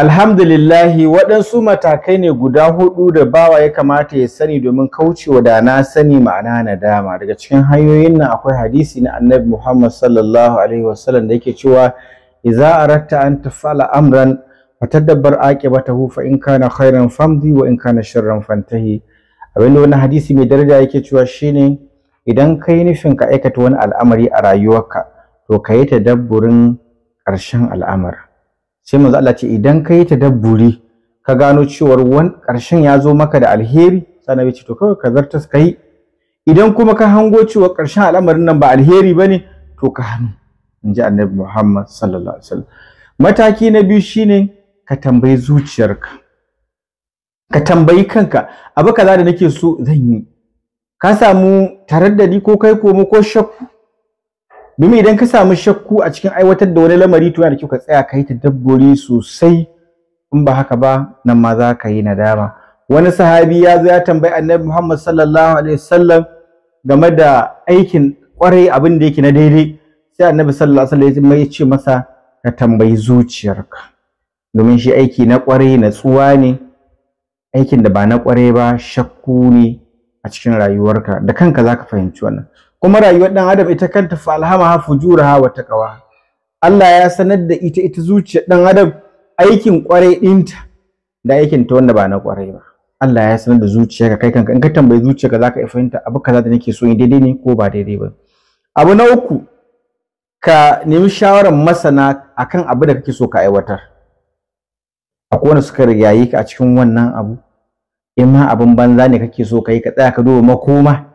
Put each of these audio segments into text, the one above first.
Alhamdulillahi waɗansu matakai ne guda hudu da bawa ya kamata ya sani domin kaucewa da na sani ma'ana na dama daga cikin hanyoyin nan akwai hadisi na annabi Muhammad sallallahu alaihi wasallam da yake cewa idza aratta an tafala amran fatadabbar aqibatahu fa in kana khairan famdi wa in kana sharran fantahi abinda wannan hadisi mai daraja yake cewa shine idan kai nufin ka aikata wani al'amari a rayuwarka to ka yi tadabburin ƙarshen al'amarin sai manzo Allah ce idan kai ta tadabburi ka gano cewar wan karshen ya zo maka da alheri sannan ya ce to kawai ka zarta Kayi. idan kuma ka hango cewa karshen al'amarin nan ba alheri ba ne to ka hannu in annabi muhammad sallallahu alaihi wasallam mataki na biyu shine ka tambayi zuciyarka ka tambayi kanka abu kaza da nake so zan yi ka samu taraddadi ko kai komo ko shakku domin idan ka samu shakku a cikin aiwatar da wani lamari to yana da kyau ka tsaya ka yi tadabburi sosai in ba haka ba nan ma za ka yi nadama wani sahabi ya zo ya tambayi annabi Muhammad sallallahu alaihi wasallam game da aikin kwarai abin da yake na daidai sai annabi sallallahu alaihi wasallam ya ce masa ka tambayi zuciyarka domin shi aiki na kwarai natsuwa ne aikin da ba na kwarai ba shakku ne a cikin rayuwarka da kanka zaka fahimci wannan kuma rayuwar dan adam ita kanta fa alhama alhamaha fujuraha wa kawa. Allah ya sanar da ita ita zuciyar dan adam aikin kwarai dinta da aikin ta wanda ba na kwarai ba Allah ya sanar da zuciyarka kai kanka in ka tambayi zuciyarka zaka iya fahimta abu kaza da nake so in daidai ne ko ba daidai ba abu na uku ka nemi shawarar masana akan abu da kake so ka aiwatar akwai wanda suka rigayi ka a cikin wannan abu in ma abin banza ne kake so kai ka tsaya ka duba makoma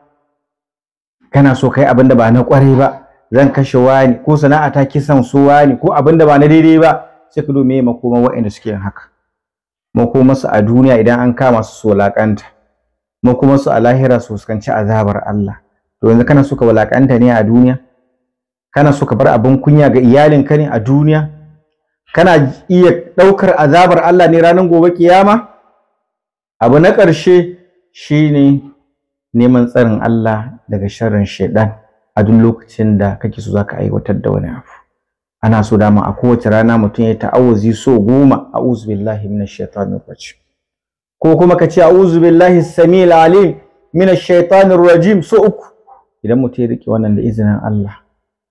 kana so kai abin da ba na kwarai ba zan kashe wani ko sana'a ta kisan so wani ko abin da ba na daidai ba sai ka duba me makoma waɗanda suke yin haka makoma su a duniya idan an kama su so laƙanta makoma su a lahira su fuskanci azabar Allah to yanzu kana so ka walaƙanta ne a duniya kana so ka bar abin kunya ga iyalinka ne a duniya kana iya ɗaukar azabar Allah ne ranar gobe kiyama abu na ƙarshe shi ne neman tsarin Allah daga sharin shaidan a duk lokacin da kake so za ka aiwatar da wani abu ana so dama a kowace rana mutum ya ta'awuzi so goma a'udhu shaitanir rajim ko kuma ka ce a'udhu billahi samil alim shaitanir rajim so uku idan mutum ya riƙe wannan da izinin Allah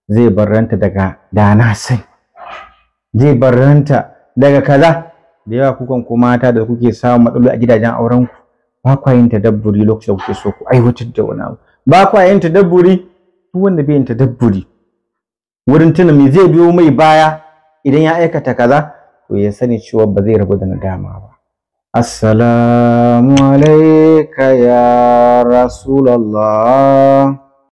zai barranta daga dana sai zai barranta daga kaza da yawa kukan ko mata da kuke samun matsaloli a gidajen auren ku ba kwa yin tadabburi lokacin da kuke so ku aiwatar da wani abu ba kwa yin tadabburi duk wanda bai yin tadabburi wurin tuna me zai biyo mai baya idan ya aikata kaza to ya sani cewa ba zai rabu da nadama ba assalamu alayka ya rasulallah